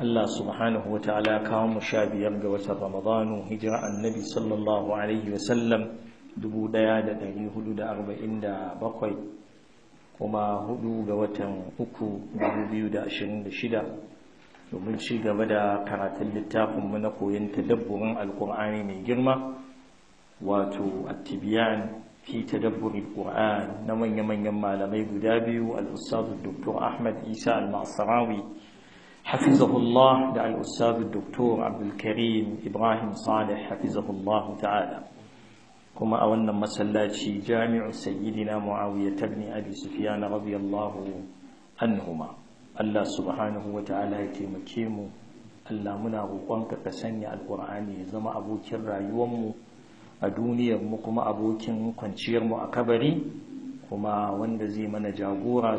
Allah subhanahu wata'ala kawo mu sha biyar ga watan Ramadanu hijira annabi sallallahu alaihi da bakwai, kuma hudu ga watan uku shida domin ci gaba da karatun mu na koyon tadabburin alkur'ani mai girma wato attibiyan fi tadabburin alkur'an na manya-manyan malamai guda biyu al-ustadu dr ahmad isa al-masarawi حفظه الله دع الأستاذ الدكتور عبد الكريم إبراهيم صالح حفظه الله تعالى كما أولنا مسلاتي جامع سيدنا معاوية بن أبي سفيان رضي الله عنهما الله سبحانه وتعالى يتمكيم الله منا roƙonka تسني القرآن alƙur'ani أبو كرى يوم أدوني a duniyarmu kuma abokin kwanciyarmu a kabari kuma wanda zai mana jagora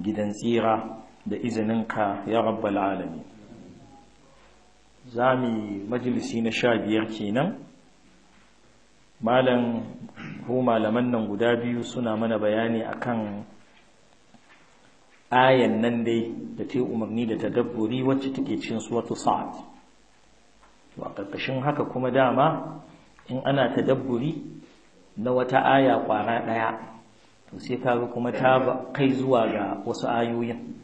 gidan tsira da izininka ya rabbal alami za mu yi majalisi na sha biyar kenan malam ko malaman nan guda biyu suna mana bayani akan ayan nan dai da ta umarni da ta tadabburi wacce take cin wata sa'ad to a ƙarƙashin haka kuma dama in ana ta tadabburi na wata aya ƙwara ɗaya to sai ga kuma ta kai zuwa ga wasu ayoyin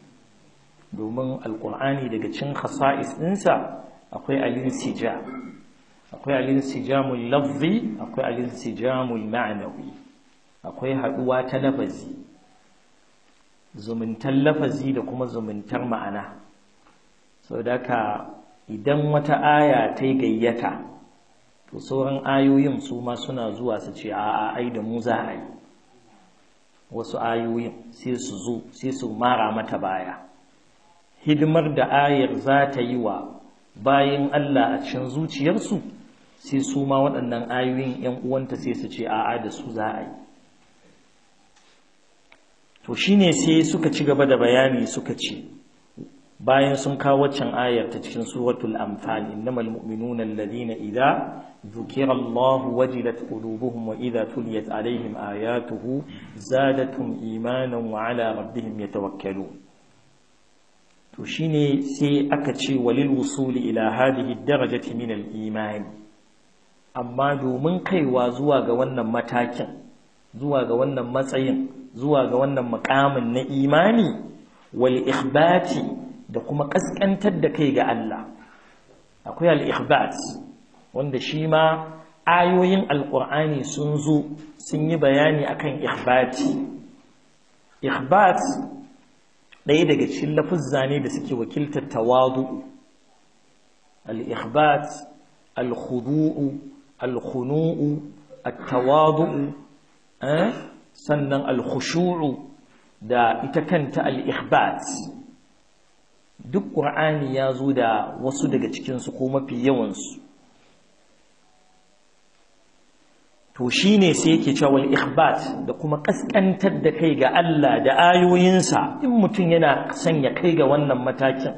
domin alkur'ani daga cin khasa'is ɗinsa akwai alin sija akwai sija mul lafzi akwai sija mul ma'anawi, akwai haduwa ta lafazi zumuntar lafazi da kuma zumuntar ma'ana da ka idan wata aya ta yi gayyata to sauran ayoyin su ma suna zuwa su ce a'a ai da mu za a yi wasu ayoyin sai su zo sai su mara mata baya hidimar da ayar za ta yi wa bayan Allah a cikin zuciyarsu sai su ma waɗannan ayoyin ‘yan uwanta sai su ce a'a da su za a yi to shine sai suka ci gaba da bayani suka ce bayan sun kawo waccan ayar ta cikin suratul anfal innamal mu'minuna alladhina idza dhukira Allah wajilat qulubuhum wa idza tuliyat alaihim ayatuhu zadatuhum imanan wa ala rabbihim yatawakkalun to shine sai aka ce walil wusuli ila hadhihi darajati min al-iman amma domin kaiwa zuwa ga wannan matakin zuwa ga wannan matsayin zuwa ga wannan makamin na imani wal ikhbati da kuma kaskantar da kai ga Allah akwai al-ikhbat wanda shi ma ayoyin Alƙur'ani sun zo sun yi bayani akan ikhbati ikhbat ɗaya daga cikin lafuzza da suke wakiltar tawadu al-ikhbat al-khudu'u al-khunu'u at-tawadu eh? sannan al-khushu'u da ita kanta al-ikhbat duk ƙur'ani ya zo da wasu daga cikinsu ko mafi yawansu to shi ne sai yake cewa ikhbat da kuma ƙasƙantar da kai ga Allah da ayoyinsa in mutum yana sanya ya kai ga wannan matakin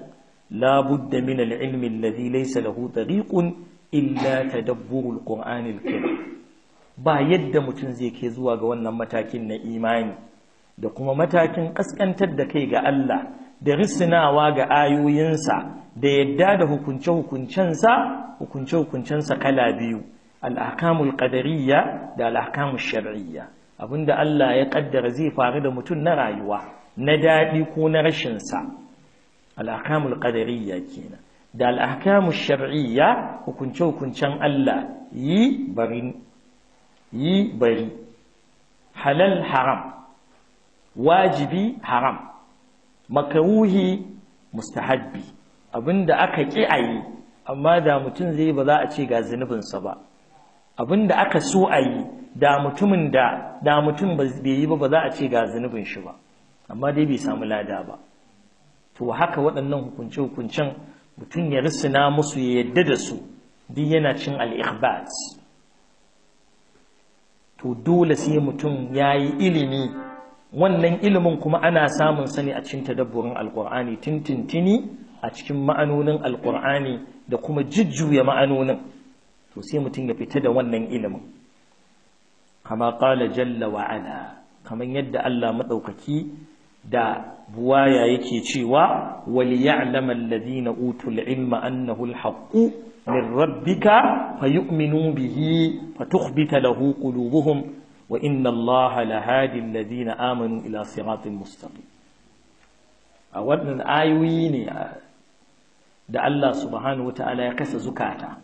labudda min al-ilmi alladhi laysa lahu tariqun illa tadabbur al-qur'an al-karim ba yadda mutum zai ke zuwa ga wannan matakin na imani da kuma matakin ƙasƙantar da kai ga Allah da risinawa ga ayoyinsa da yadda da hukunce-hukuncensa hukunce-hukuncensa kala biyu al'akamul ƙadariya da al'akamul shar'iyya abinda Allah ya kaddara zai faru da mutum na rayuwa na daɗi ko na rashinsa al'akamul ke kenan da al'akamul shar'iyya hukunce-hukuncen Allah yi yi bari halal haram wajibi haram makaruhi mustahabbi abinda aka ki ayi amma da mutum zai ba za a ce ga zinubinsa ba abinda aka so ayi da mutumin da da mutum bai yi ba ba za a ce ga zinubin shi ba amma dai bai samu lada ba to haka waɗannan hukunce hukuncen mutum ya risina musu ya yadda da su duk yana cin al-ikhbat to dole sai mutum yayi ilimi wannan ilimin kuma ana samun sani a cikin tadabburin alkur'ani tintintini a cikin ma'anonin alkur'ani da kuma jujjuya ma'anonin to sai mutum ya fita da wannan ilimin kama kala jalla wa ala kamar yadda Allah maɗaukaki, da buwaya yake cewa wal ya'lamal ladina utul ilma annahu alhaqqu min rabbika fayu'minu bihi fatukhbita lahu qulubuhum Wa وإن الله لهادي الذين آمنوا إلى صراط مستقيم أولاً ne da Allah subhanahu wata'ala ya kasa zukata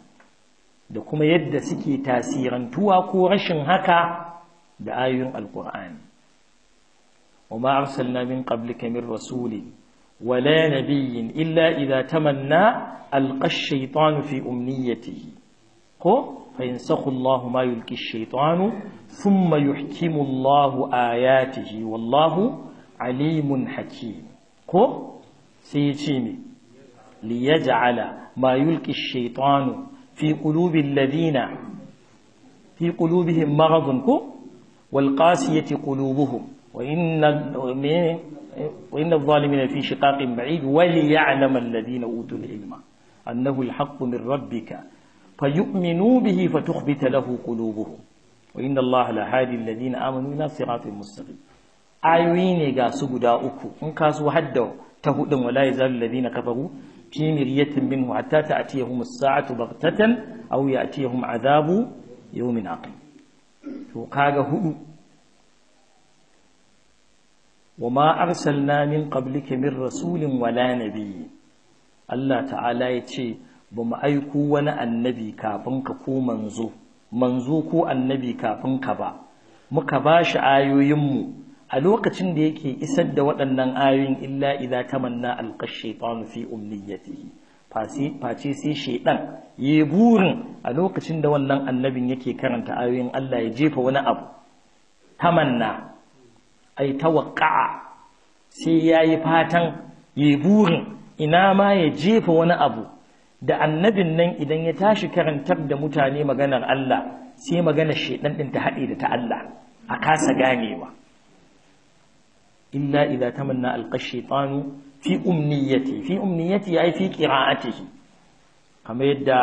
da kuma yadda suke tasirantuwa ko rashin haka da ayoyin alkur'ani wa ma'arsalna min qablika min rasuli wa la nabiyyin illa ta manna alqash shaytan fi umniyatihi ko فينسخ الله ما يلقي الشيطان ثم يحكم الله آياته والله عليم حكيم كو سيتيمي ليجعل ما يلقي الشيطان في قلوب الذين في قلوبهم مرض كو والقاسية قلوبهم وإن وإن الظالمين في شقاق بعيد وليعلم الذين أوتوا العلم أنه الحق من ربك فيؤمنوا به فتخبت له قلوبهم وإن الله لهادي الذين آمنوا إلى صراط مستقيم ayoyi ne ga su guda uku in ka so hadda ta hudun wala yazal ladina kafaru fi miryatin minhu hatta ta'tiyahum as-sa'atu baghtatan aw ya'tiyahum 'adabu yawmin aqim to kaga hudu wama arsalna min qablika min rasulin wala Allah ta'ala ce. ba mu aiko wani annabi kafin ka ko manzo manzo ko annabi kafin ka ba muka ba shi ayoyinmu a lokacin da yake isar da waɗannan ayoyin illa idza tamanna alqa shaytan fi umniyatihi face sai shedan ya burin a lokacin da wannan annabin yake karanta ayoyin Allah ya jefa wani abu tamanna ai tawaqqa sai yayi fatan ya burin ina ma ya jefa wani abu da annabin nan idan ya tashi karantar da mutane maganar Allah sai maganar shaiɗan din ta haɗe da ta Allah a kasa ganewa inna idza tamanna alqa shaytanu fi umniyati fi umniyati ai fi qira'atihi kamar yadda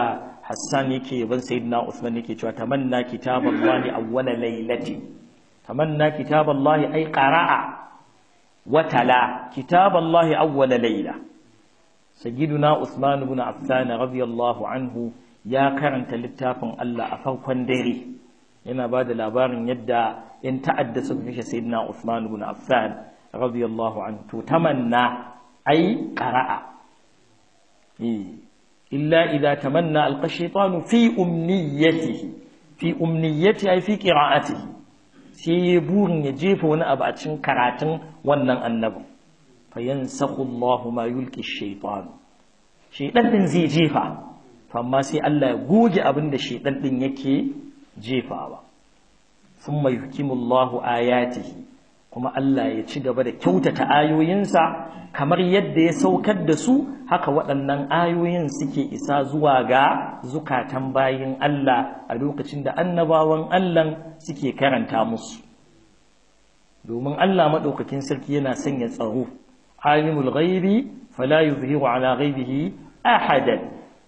Hassan yake yaban sayyidina Uthman yake cewa tamanna kitaballahi awwala laylati tamanna kitaballahi ai qara'a wa tala kitaballahi awwala laylati sayyiduna Usman ibn Affan radiyallahu anhu ya karanta littafin Allah a farkon dare yana ba da labarin yadda in ta'adda suka kashe sayyiduna Usman ibn Affan radiyallahu anhu to tamanna ai qara'a eh, illa idza tamanna alqa shaytanu fi umniyatihi fi umniyati ai fi qira'atihi sai burin ya jefa wani abu a cikin karatun wannan annabin fa yansakhu ma yulqi shaytan shaytan din zai jefa amma sai Allah ya goge abin da shaytan din yake jefawa thumma yuhkimu Allah ayatihi kuma Allah ya ci gaba da kyautata ayoyinsa kamar yadda ya saukar da su haka waɗannan ayoyin suke isa zuwa ga zukatan bayin Allah a lokacin da annabawan Allah suke karanta musu domin Allah maɗaukakin sarki yana sanya tsaro alimul ghaibi fala yuzhiru ala ghaibihi ahadan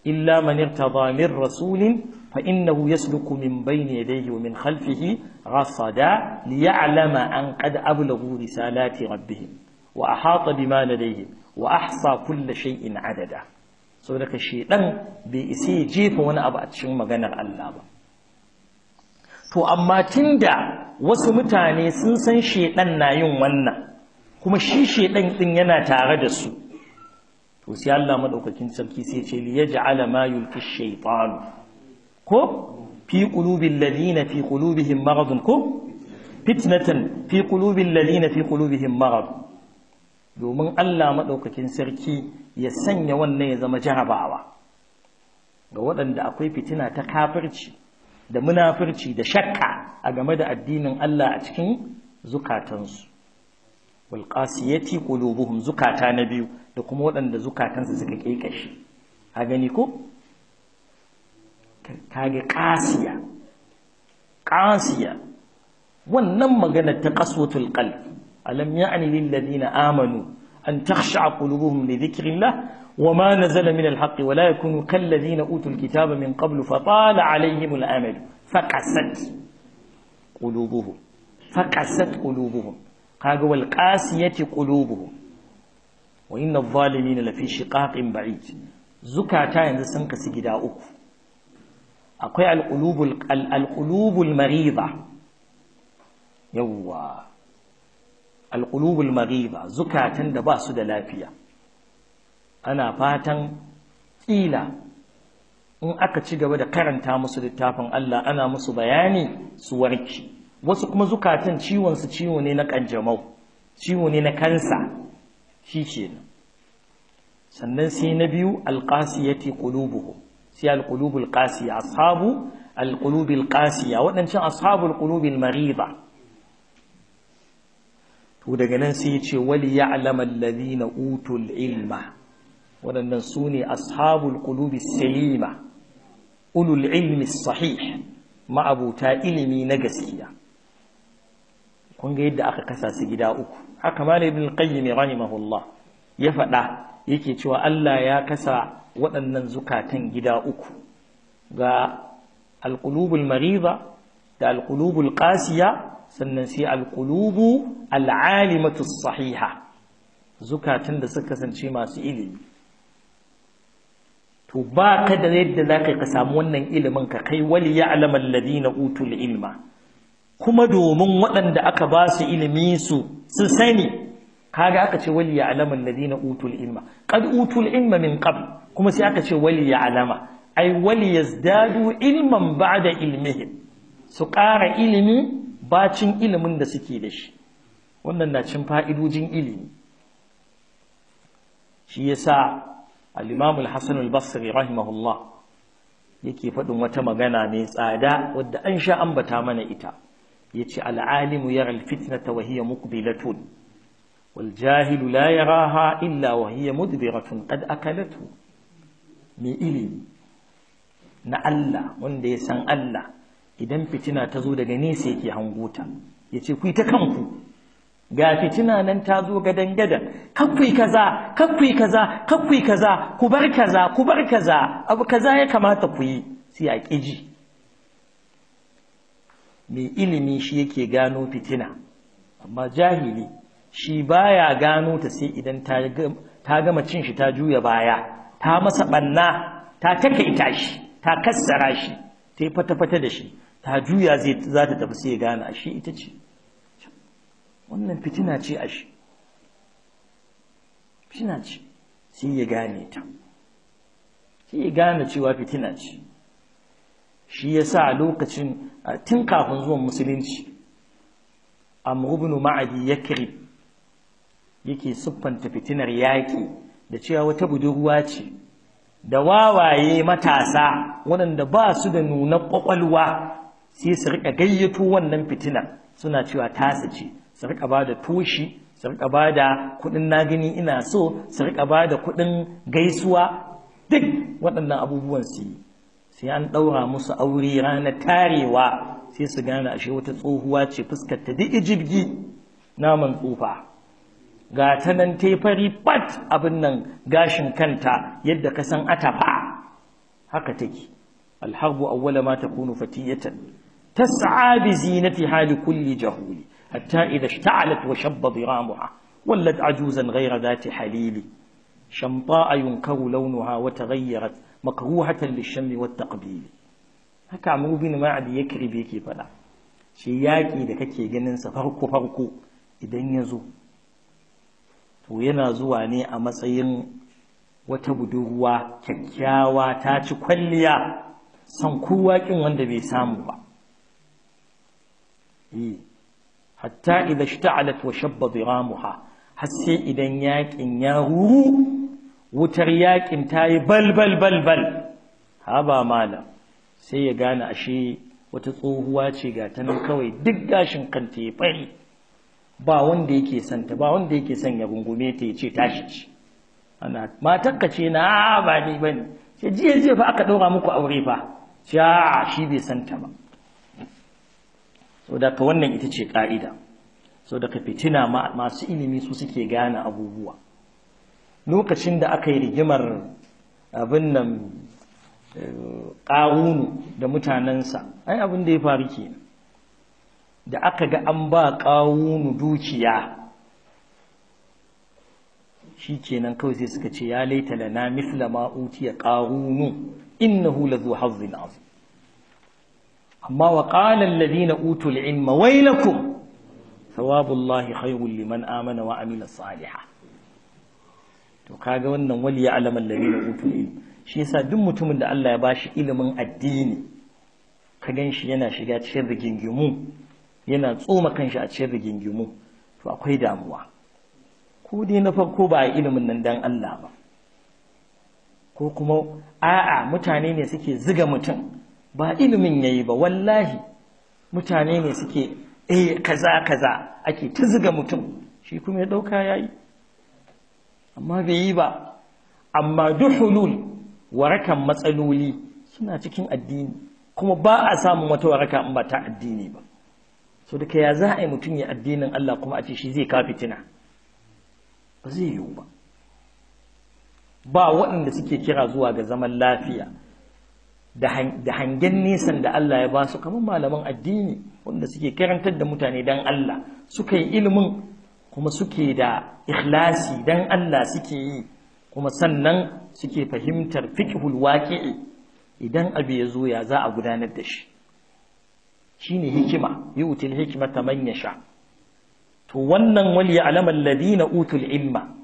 illa man irtada min rasulin fa innahu yasluku min bayni yadayhi wa min khalfihi rasada liya'lama an qad ablagu risalati rabbihim wa ahata bima ladayhim wa ahsa kulla shay'in adada saboda ka shedan bai isa ya jefa wani abu a cikin maganar Allah ba to amma tunda wasu mutane sun san shedan na yin wannan kuma shi ɗan ɗin yana tare da su to sai Allah madaukakin sarki sai ce li yaj'ala ma yulqi shaytan ko fi qulubil ladina fi qulubihim marad ko fitnatan fi qulubil ladina fi qulubihim marad domin Allah madaukakin sarki ya sanya wannan ya zama jarabawa ga waɗanda akwai fitina ta kafirci da munafirci da shakka a game da addinin Allah a cikin zukatansu والقاسيتي قلوبهم زكاة نبيو دقمو أن زكاة سكك إيكاشي هاجنيكو كاجي قاسية قاسية ونما جنة تقسوة القلب ألم يعني للذين آمنوا أن تخشع قلوبهم لذكر الله وما نزل من الحق ولا يكونوا كالذين أوتوا الكتاب من قبل فطال عليهم الأمل فقست قلوبهم فقست قلوبهم kaga wal qasiyati qulubuhum wa inna adh-dhalimina lafi shiqaqin ba'id zukata yanzu sun kasu gida uku akwai al-qulubul al-qulubul marida yawwa al-qulubul marida zukatan da ba su da lafiya ana fatan kila in aka ci gaba da karanta musu littafin Allah ana musu bayani su warke. wasu kuma zukatan ciwon su ciwo ne na kanjamau ciwo ne na kansa shi nan sannan sai na biyu alqasiyati qulubuhum sai alqulubul qasiya ashabu alqulubil qasiya waɗancan ashabul qulubil Mariba. to daga nan sai ya ce wali ya'lamu alladhina utul ilma waɗannan su ne ashabul ƙulubi salima ulul ilmi sahih ma'abuta ilimi na gaskiya kun ga yadda aka kasa su gida uku haka malam ibn qayyim rahimahullah ya faɗa yake cewa Allah ya kasa waɗannan zukatan gida uku ga alqulubul marida da alqulubul qasiya sannan sai alqulubu al'alimatu sahiha zukatan da suka kasance masu ilimi to ba ka da yadda za ka samu wannan ilimin ka kai wali ya alama ladina utul ilma kuma domin waɗanda aka ba su ilimi su su sani kaga aka ce wali alama alladhina utul ilma qad utul ilma min qabl kuma sai aka ce wali alama ay wali yazdadu ilman ba'da ilmihim su ƙara ilimi bacin ilimin da suke da shi wannan na cin fa'idojin ilimi shi yasa al-imam al-hasan al-basri rahimahullah yake faɗin wata magana mai tsada wadda an sha ambata mana ita yace al'alimu yara alfitnata wa hiya muqbilatun wal jahilu la yaraha illa wahiyar mudbiratun qad akalatu mai ilimi na Allah wanda ya san Allah idan fitina ta zo daga nesa yake hanguta yace ku ta kanku ga fitina nan ta zo gadan gadan kakkui kaza kakkui kaza kakkui kaza ku bar kaza ku bar kaza abu kaza ya kamata ku yi sai a ƙiji mai ilimi shi yake gano fitina amma jahili shi baya gano ta sai idan ta gama cin shi ta juya baya ta masa banna ta takaita shi ta kassara shi ta yi fata-fata da shi ta juya za ta tafi sai a shi ita ce wannan fitina ce a shi fitina ce sai ya gane ta sai ya gane cewa fitina ce shi ya a lokacin tun kafin zuwan musulunci a ibn ma'adi kiri yake siffanta fitinar yaƙi da cewa wata budurwa ce da wawaye matasa waɗanda ba su da nuna ƙwaƙwalwa sai su riƙa gayyato wannan fitinar suna cewa tasa ce su riƙa ba da toshi su riƙa ba da kuɗin na gani ina so su riƙa ba da kuɗin gaisuwa duk waɗannan abubuwan su yi سيان دورا موسى أوري رانا تاري وا سيسا قانا أشي وتتصوهوات شي فسكة تدي إجيب جي نامن صوفا غاتنن تيفري بات أبنن غاشن كانتا يد كسن أتفا هكا تيجي الحرب أول ما تكون فتية تسعى بزينتها لكل جهول حتى إذا اشتعلت وشب ضرامها ولد عجوزا غير ذات حليل شمطاء ينكر لونها وتغيرت makruhatan lishammi wat taqbil haka mubin bin ma'ad ya kirbe yake fada shi yaki da kake ganin sa farko farko idan ya zo to yana zuwa ne a matsayin wata budurwa kyakkyawa ta ci kwalliya san kowa kin wanda bai samu ba hatta shi ishta'alat wa shabba diramuha har sai idan yakin ya ruru wutar yakin ta yi balbal balbal haba malam sai ya gane ashe wata tsohuwa ce ga ta nan kawai duk gashin kanta ya fari ba wanda yake santa ba wanda yake son ya gungume ta ya ce tashi ci ana matakka ce na ba ni ne ce jiye jiya fa aka ɗora muku aure fa ce a shi bai santa ba saboda ka wannan ita ce ƙa'ida, saboda ka fitina masu ilimi su suke gane abubuwa lokacin da aka yi rigimar abin nan ƙarunu da mutanensa ai abin da ya faru ke da aka ga an ba ƙarunu dukiya shi kenan kawai sai suka ce ya laita na misla ma ya ƙarunu innahu zuwa hazin azu amma wa qala alladhina utul ilma waylakum thawabullahi khayrun liman amana wa Amina saliha to kaga wannan wali ya alaman ladina utul ilm shi yasa duk mutumin da Allah ya bashi ilimin addini ka gan shi yana shiga cikin rigingimu yana tsoma kanshi a cikin rigingimu to akwai damuwa ko dai na farko ba a ilimin nan dan Allah ba ko kuma a'a mutane ne suke ziga mutum ba ilimin yayi ba wallahi mutane ne suke eh kaza kaza ake ta ziga mutum shi kuma ya dauka yayi amma bai yi ba amma duk hulul warakan matsaloli suna cikin addini kuma ba a samun wata waraka in ba ta addini ba so duka ya za a yi mutum ya addinin Allah kuma a ce shi zai kafi fitina ba zai yiwu ba ba waɗanda suke kira zuwa ga zaman lafiya da hangen nesan da Allah ya ba su kamar malaman addini waɗanda suke karantar da mutane don Allah suka yi ilimin kuma suke da ikhlasi dan Allah suke yi kuma sannan suke fahimtar fiqhul waqi'i idan abu ya zo ya za a gudanar da shi shine hikima yu'til ta manya sha. to wannan wal ya'lamu alladhina utul ilma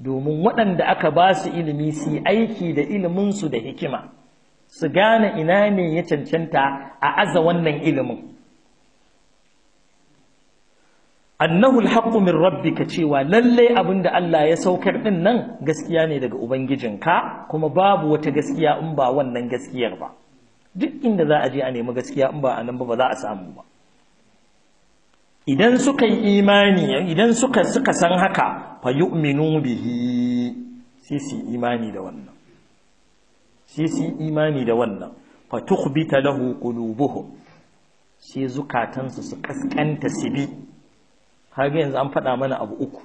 domin waɗanda aka ba su ilimi su aiki da iliminsu da hikima su gane ina ne ya cancanta a aza wannan ilimin annahu alhaqqu min rabbika cewa lalle abinda Allah ya saukar din nan gaskiya ne daga ubangijinka kuma babu wata gaskiya in ba wannan gaskiyar ba duk inda za a je a nemi gaskiya in ba anan ba ba za a samu ba idan suka yi imani idan suka suka san haka fa yu'minu bihi sai su imani da wannan sai su imani da wannan fa tukhbita lahu qulubuhum sai zukatansu su kaskanta su bi kaga yanzu an faɗa mana abu uku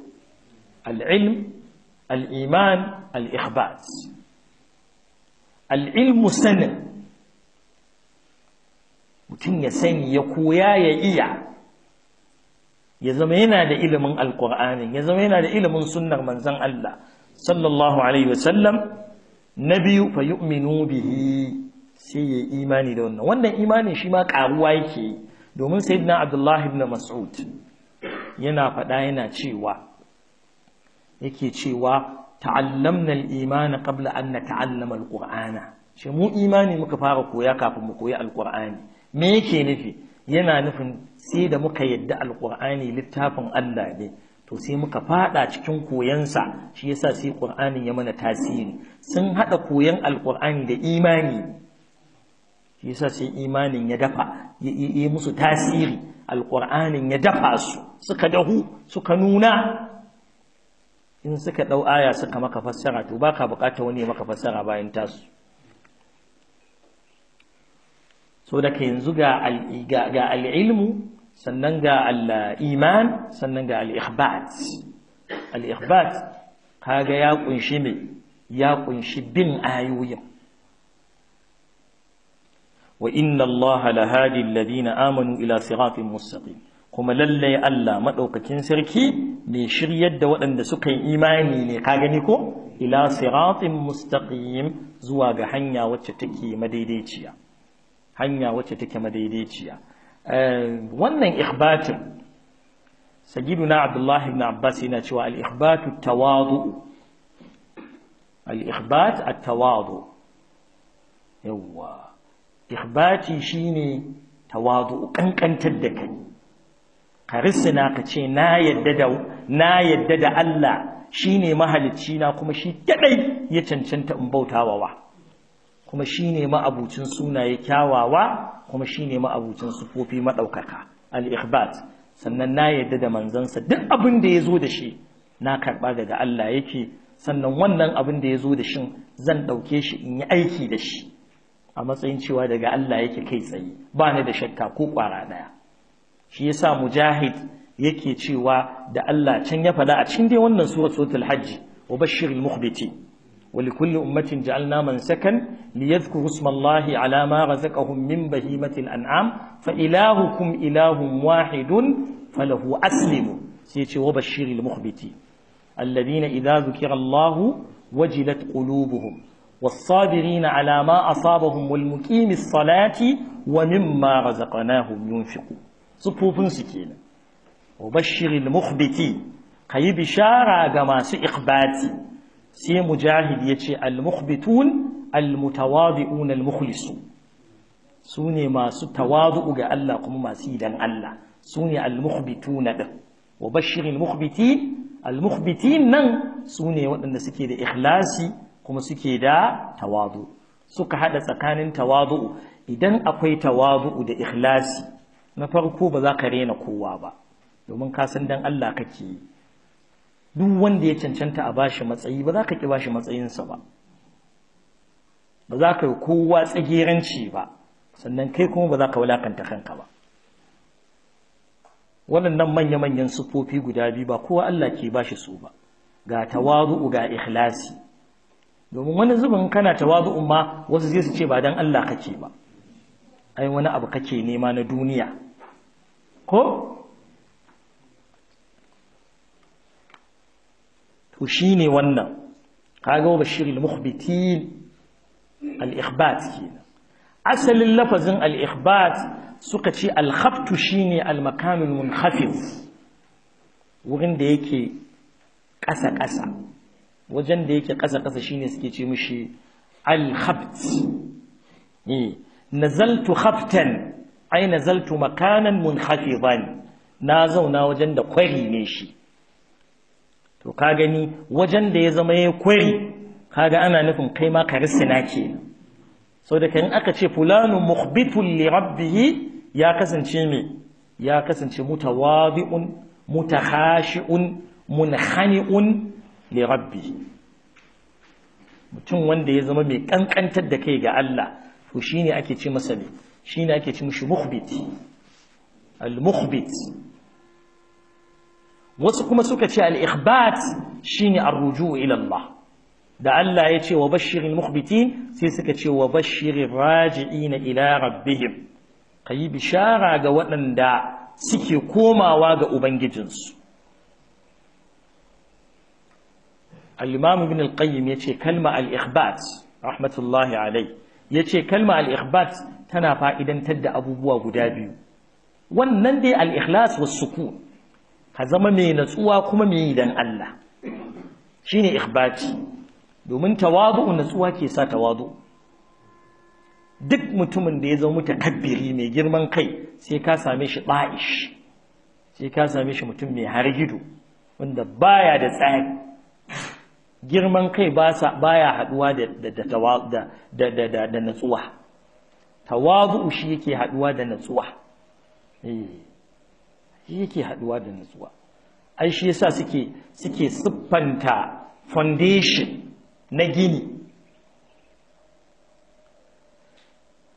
al'ilm al'iman al'ihbat al'ilmu sanin mutum ya sani ya koya ya iya ya zama yana da ilimin alƙur'anin ya zama yana da ilimin sunnar Manzon Allah sallallahu alaihi wasallam na biyu fa yu'minu bihi sai ya imani da wannan wannan imanin shi ma ƙaruwa yake domin sayyidina abdullahi ibn mas'ud yana faɗa yana cewa yake cewa ta'allamna al-iman qabla an nata'allama al-qur'ana shi mu imani muka fara koya kafin mu koyi al-qur'ani me yake nufi yana nufin sai da muka yadda al-qur'ani littafin Allah ne to sai muka fada cikin koyansa shi yasa sai qur'anin ya mana tasiri sun hada koyan al-qur'ani da imani shi yasa sai imanin ya dafa ya yi musu tasiri alƙur'anin ya dafa su suka dahu suka nuna in suka ɗau aya suka maka fassara to ba ka buƙata wani maka fassara bayan tasu so da ka yanzu ga al'ilmu sannan ga al'iman sannan ga al'ihbat al'ihbat kaga ya ƙunshi ne ya ƙunshi bin ayoyin وإن الله لهادي الذين آمنوا إلى صراط مستقيم kuma lallai Allah madaukakin sarki ne shiryar da waɗanda suka yi imani ne ka gani ko ila siratin mustaqim zuwa ga hanya wacce take madaidaiciya hanya wacce take madaidaiciya eh, wannan ikhbatin sayyiduna Abdullah ibn Abbas yana cewa al-ikhbatu tawadu al-ikhbat at-tawadu yawwa ikhbati shine tawadu kankantar da kai ka risina ka ce na yadda da na yadda da Allah shine mahalicci na kuma shi kadai ya cancanta in wa kuma shine ma'abucin sunaye kyawawa kuma shine ma'abucin sufofi madaukaka al-ikhbat sannan na yadda da manzansa duk abin da yazo zo da shi na karba daga Allah yake sannan wannan abin da ya zo da shin zan ɗauke shi in yi aiki da shi a matsayin cewa daga Allah yake kai tsaye ba ni da shakka ko kwara daya shi yasa mujahid yake cewa da Allah can ya fada a cikin dai wannan surat suratul hajj wa bashiril mukhbiti wa likulli ummatin ja'alna mansakan liyadhkuru ismallahi ala ma razaqahum min bahimatil an'am fa ilahukum ilahun wahidun falahu aslimu sai ya ce wa bashiril mukhbiti alladhina idza dhukira Allah wajilat qulubuhum والصابرين على ما أصابهم والمقيم الصلاة ومما رزقناهم ينفقون صفوف سكينة وبشر المخبتين كي بشارة جماس إقباتي سي مجاهد يتشي المخبتون المتواضعون المخلصون سوني ما ستواضع جاء الله قم ما سيدا الله سوني المخبتون ده وبشر المخبتين المخبتين من سوني وأن سكي إخلاصي kuma suke da tawadu suka hada tsakanin tawadu idan akwai tawadu da ikhlasi na farko ba za ka rena kowa ba domin ka san dan Allah kake duk wanda ya cancanta a bashi matsayi ba za ka ki bashi sa ba ba za ka yi kowa tsageranci ba sannan kai kuma ba za ka wulakanta kanka ba waɗannan manya-manyan siffofi guda biyu ba kowa Allah ke bashi su ba ga tawazu'u ga ikhlasi domin wani zubin kana tawazu'un ma wasu zai su ce ba dan Allah kake ba ai wani abu kake nema na duniya ko to shine wannan kaga wa bashirul mukhbitin al-ikhbat kenan asalin lafazin al-ikhbat suka ce al-khabtu shine al-makanul munhafiz wurin da yake ƙasa ƙasa wajen da yake ƙasa ƙasa shine suke ce mishi al-khabt eh nazaltu khaftan ai nazaltu makanan munhafidan na zauna wajen da kwari ne shi to ka gani wajen da ya zama ya kwari kaga ana nufin kai ma ka risina ke sau da kan aka ce fulanu muhbitun li rabbihi ya kasance me ya kasance mutawadi'un mutahashi'un munhani'un li rabbi mutum wanda ya zama mai kankantar da kai ga Allah to shine ake ce masa ne shine ake ce mushi mukhbit al wasu kuma suka ce al-ikhbat shine ar-ruju' ilallah da Allah ya ce wa bashirin mukhbitin sai suka ce wa bashirin raji'ina ila rabbihim yi bishara ga waɗanda suke komawa ga ubangijinsu al-imam ibn al-qayyim yace kalma al rahmatullahi alai yace kalma al-ikhbat tana fa'idantar da abubuwa guda biyu wannan dai al-ikhlas was ka zama mai natsuwa kuma mai dan Allah shine ikhbati domin tawadu natsuwa ke sa tawadu duk mutumin da ya zama mutakabbiri mai girman kai sai ka same shi ba'ish sai ka same shi mutum mai gido, wanda baya da tsari girman kai ba ya haduwa da natsuwa tawazu shi yake haduwa da natsuwa eh, shi yake haduwa da natsuwa ai shi yasa suke suke siffanta foundation na gini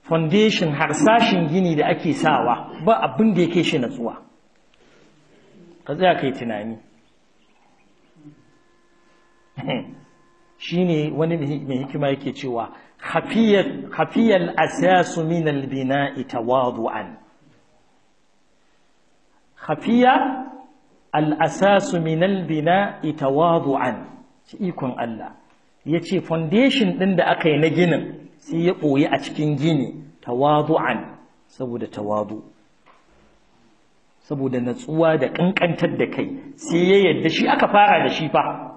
foundation harsashin gini da ake sawa ba abin da yake shi natsuwa ka tsaya kai tunani shine wani mai hikima yake cewa khafiyal asasu min albina'i tawadu'an khafiya al'asasu min albina'i tawadu'an shi ikon Allah yace foundation ɗin da aka yi na ginin sai ya ɓoye a cikin gini tawadu'an saboda wadu, saboda natsuwa da ƙanƙantar da kai sai ya yadda shi aka fara da shi fa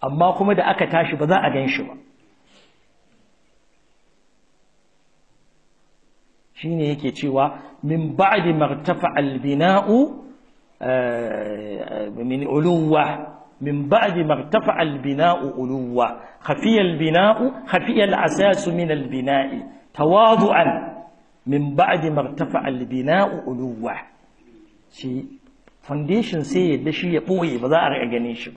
amma kuma da aka tashi ba za a gan shi ba shi ne yake cewa min ba'di martafa albina'u eh, min uluwa من بعد ما ارتفع البناء علوا خفي البناء خفي الأساس من البناء تواضعا من بعد ما ارتفع البناء علوا شي فانديشن سي دشي يبوي بذا أغنيش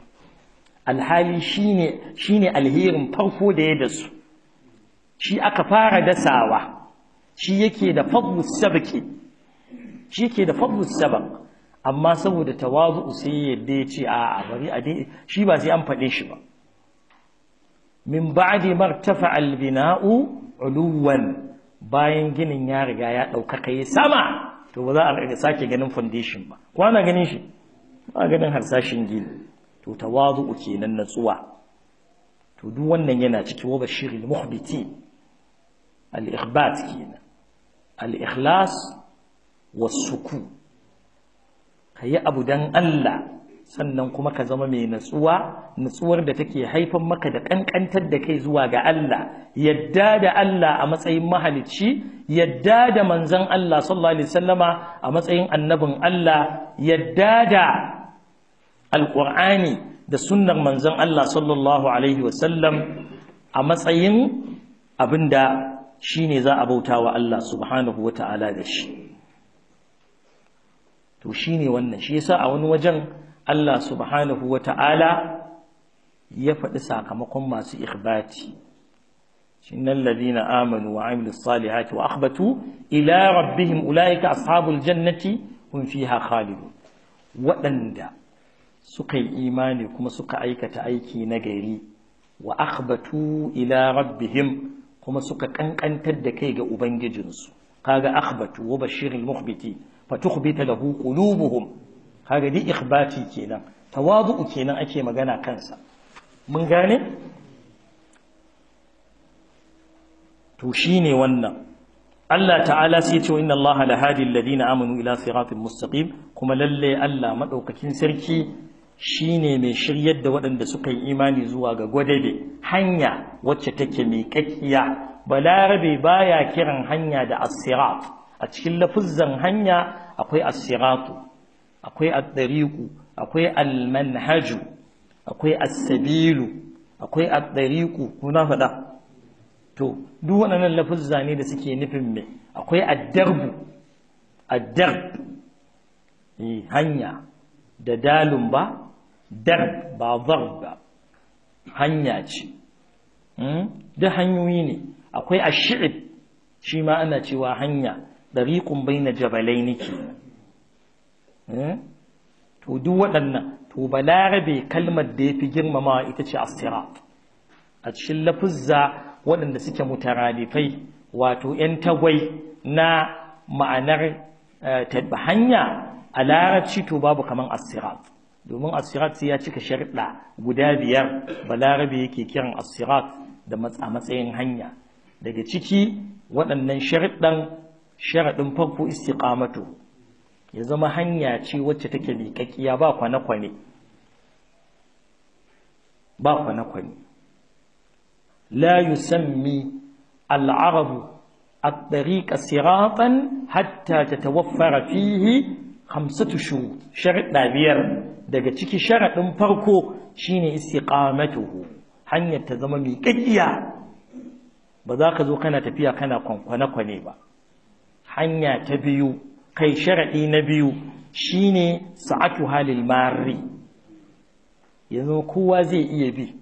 alhali shine alherin farko da ya dasu shi aka fara dasawa shi yake da fadlus sabaki. shi yake da fadlus sabq amma saboda tawazu sai yadda ya ce a'a bari a dai shi ba sai an faɗe shi ba min ba'di martafa albina'u uluwan bayan ginin ya riga ya ɗaukaka kai sama to ba za a sake ganin foundation ba kwana ganin shi ba ganin harsashin gini to tawazu'u kenan natsuwa to duk wannan yana ciki wa bashiril muhbiti al-ikhbat kenan al-ikhlas was-suku kayi abu dan Allah sannan kuma ka zama mai natsuwa natsuwar da take haifan maka da kankantar da kai zuwa ga Allah yadda da Allah a matsayin mahalicci yadda da manzon Allah sallallahu alaihi wasallama a matsayin annabin Allah yadda da alƙur'ani da sunnar manzon Allah sallallahu alaihi wasallam a matsayin abinda shine za a bauta wa Allah subhanahu wata'ala da shi to wannan shi yasa a wani wajen Allah subhanahu ya faɗi sakamakon masu ikhbati innal ladina amanu wa amilus salihati wa akhbatu ila rabbihim ulaika ashabul jannati hum fiha khalidun waɗanda suka yi imani kuma suka aikata aiki na gari wa akhbatu ila rabbihim kuma suka kankantar da kai ga ubangijinsu kaga akhbatu wa bashiril mukhbiti fatukhbita lahu qulubuhum kaga di ikhbati kenan tawadu'u kenan ake magana kansa mun gane to shine wannan Allah ta'ala sai ce inna Allah la hadi alladhina amanu ila siratin mustaqim kuma lalle Allah madaukakin sarki shine mai shiryar da waɗanda suka yi imani zuwa ga gwadabe hanya wacce take mai kakkiya balarabe baya kiran hanya da asirat a cikin lafuzan hanya akwai asiratu akwai addariku akwai almanhaju akwai asabilu akwai addariku kuna faɗa to duk waɗannan lafuzza ne da suke nufin me akwai addarbu addarb eh, hanya da dalun ba dar ba zar ba hanya ce hmm? duk hanyoyi ne akwai ashi'ib shi ma ana cewa hanya dariƙun bai na jabalai nake hmm? to duk waɗannan to balarabe kalmar da ya fi girmamawa ita ce astirat a cikin lafuzza waɗanda suke mutaradifai wato 'yan tagwai na ma'anar eh, hanya a larabci to babu kaman astirat domin asirat sai ya cika sharɗa guda biyar balarabe yake kiran asirat da a matsayin hanya daga ciki waɗannan sharɗan sharaɗin farko istiqamatu ya zama hanya ce wacce take liƙaƙiya ba kwane-kwane ba kwane-kwane la yusammi al'arabu الطريق hatta ta tawaffara fihi hamsatu shu sharɗa biyar. daga ciki sharaɗin farko shine istiqamatuhu hanyar ta zama miƙaƙiya ba za ka zo kana tafiya kana kwankwane-kwane ba hanya ta biyu kai sharaɗi na biyu shine sa'atu halil mari yanzu kowa zai iya bi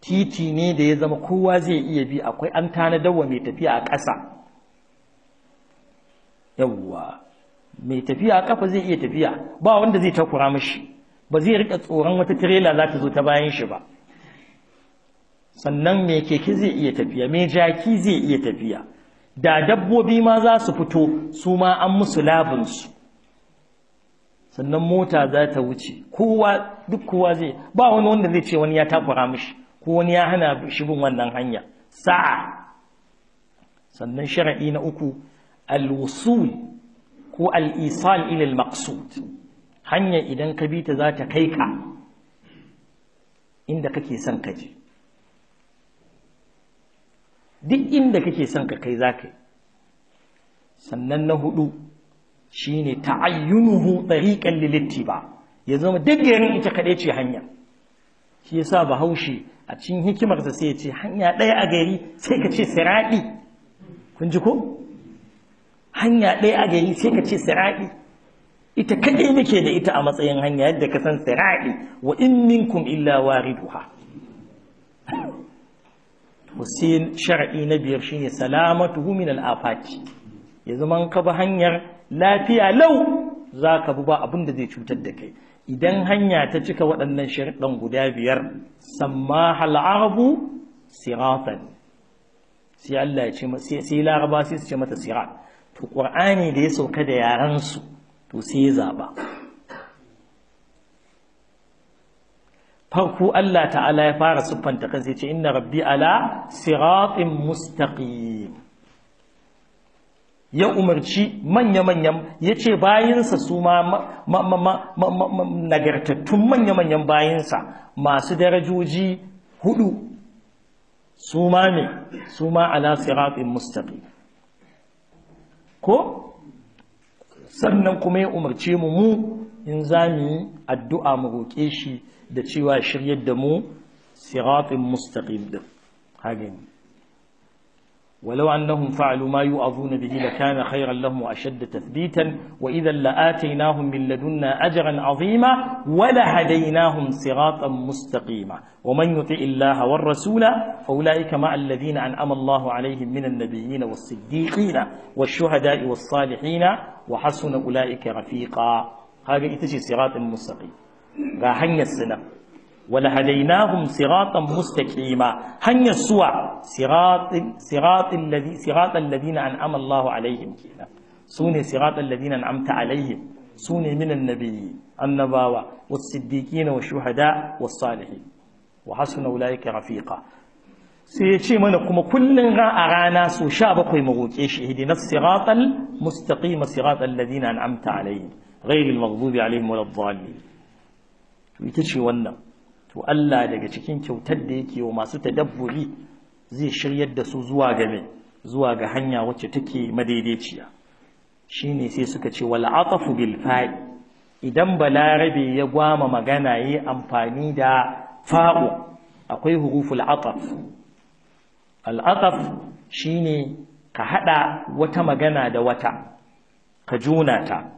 titi ne da ya zama kowa zai iya bi akwai an tana dawa mai tafiya a ƙasa yawwa mai tafiya kafa zai iya tafiya ba wanda zai takura mashi ba zai rika tsoron wata tirela za ta zo ta bayan shi ba sannan mai keke zai iya tafiya mai jaki zai iya tafiya da dabbobi ma za su fito su ma an musu labinsu sannan mota za ta wuce kowa duk kowa zai ba wani wanda zai ce wani ya takura mashi ko wani ya hana shi bin wannan hanya sa'a sannan shara'i na uku al-wusul ko al-isal ila hanya idan ka bi ta za ta kai ka inda kake son ka je duk inda kake son ka kai za ka yi sannan na hudu shine ta'ayyunuhu tariqan ba, ya zama duk garin ita kaɗai ce hanya shi yasa bahaushe a cikin hikimarsa sai ya ce hanya ɗaya a gari sai ka ce siraɗi kun ji ko hanya ɗaya a gari sai ka ce siraɗi ita kaɗai nake da ita a matsayin hanya yadda ka san siraɗi wa in minkum illa wariduha Hussein shar'i na biyar shine salamatuhu min Afati. ya zama ka kaba hanyar lafiya lau za ka bi ba abin da zai cutar da kai idan hanya ta cika waɗannan sharɗan guda biyar samma hal'arabu siratan sai Allah ya ce sai laraba sai su ce mata sirat to ƙur'ani da ya sauka da yarensu to sai ya zaɓa farko Allah ta'ala ya fara siffanta kan sai ce inna rabbi ala siratin mustaqim ya umarci manya-manyan ya ce bayansa su ma nagartattun manya-manyan bayinsa masu darajoji hudu su ma ne su ma ala siratin mustaqim ko sannan kuma ya umarce mu mu in za mu yi addu'a mu roƙe shi da cewa shiryar da mu siratin mustaqim din hagani ولو أنهم فعلوا ما يؤذون به لكان خيرا لهم وأشد تثبيتا وإذا لآتيناهم من لدنا أجرا عظيما ولهديناهم صراطا مستقيما ومن يطع الله والرسول فأولئك مع الذين أنعم الله عليهم من النبيين والصديقين والشهداء والصالحين وحسن أولئك رفيقا هذا إتشي صراط مستقيم راحن السنة wala hadainahum siratan mustaqima hanyar suwa siratin siratin ladhi siratan ladina an'ama Allahu alaihim kenan sune siratan ladina an'amta alaihim sune minan nabiyyi annabawa wa siddiqin wa shuhada wa salihin wa hasuna ulaika rafiqa sai ya ce mana kuma kullun a rana so 17 mu roke shi ihdinas siratal mustaqima siratal ladina an'amta alaihim ghayril maghdubi alaihim waladdallin to ita ce wannan to Allah daga cikin kyautar da yake wa masu tadabburi zai shiryar da su zuwa ga mai zuwa ga hanya wacce take madaidaiciya shine sai suka ce wal atafu bil fa'i idan balarabe ya gwama magana yi amfani da fa'u akwai huruful ataf al ataf shine ka hada wata magana da wata ka juna ta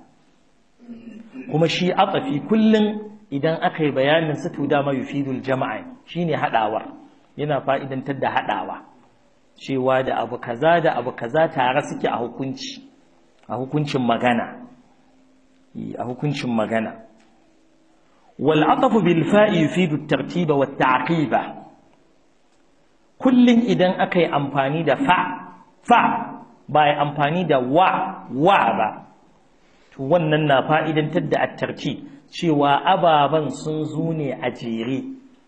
kuma shi atafi kullum. idan aka yi bayanin su to dama yufidul jama'a shine hadawa yana fa'idantar da hadawa cewa da abu kaza da abu kaza tare suke a hukunci a hukuncin magana a hukuncin magana wal atafu bil fa'i yufidu at-tartiba wat ta'qiba kullum idan aka yi amfani da fa fa ba yi amfani da wa wa ba to wannan na fa'idantar da attarci cewa ababan sun zo ne a jere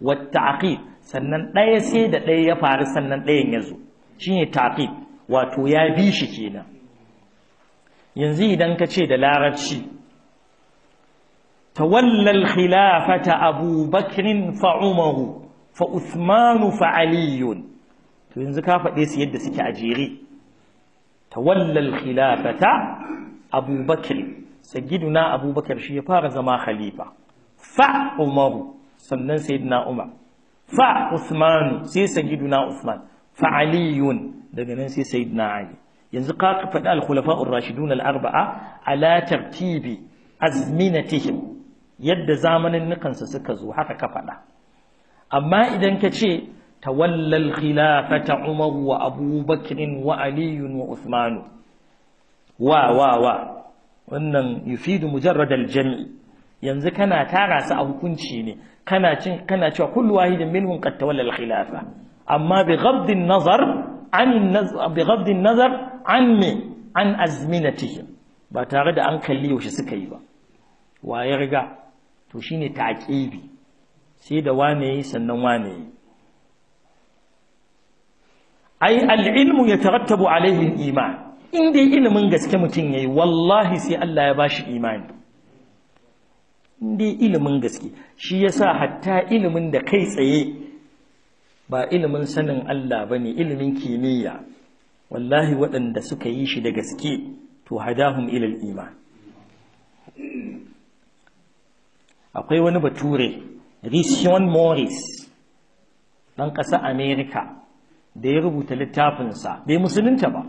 wata aqib sannan ɗaya sai da ɗaya ya faru sannan ɗayan ya zo shine taqib wato ya bi shi kenan yanzu idan ka ce da larabci tawalla khilafata abubakrin fa Umaru, fa Usmanu, fa aliyun to yanzu ka faɗe su yadda suke a jere tawalla khilafata Abu sayyiduna abubakar shi ya fara zama khalifa fa umaru sannan sayyidina umar fa Usmanu sai na usman fa aliyun daga nan sai sayyidina ali yanzu kaka faɗi al-khulafa'ur Arba'a, al-arba'a ala tartibi azminatihim yadda zamanin nukansa suka zo haka ka faɗa amma idan ka ce tawallal khilafata Umaru wa abubakar wa aliyun wa usmanu wa wa wa wannan yufidu mujarrad jami yanzu kana tara su a hukunci ne kana cin kana cewa kullu wahidin minhum qad tawalla al-khilafa amma bi ghadd an-nazar an bi ghadd an-nazar an me an ba tare da an kalli yaushe suka yi ba wa ya riga to shine ta'qibi sai da wane yi sannan wane yi ai al-ilmu yatarattabu alaihi al-iman in dai ilimin gaske mutum ya yi wallahi sai Allah ya ba shi imani in dai ilimin gaske shi ya sa hatta ilimin da kai tsaye ba ilimin sanin Allah ba ne, ilimin kimiyya wallahi waɗanda suka yi shi da gaske to hadahun ilil iman akwai wani bature rishon Morris ɗan ƙasa Amerika da ya rubuta littafinsa bai musulunta ba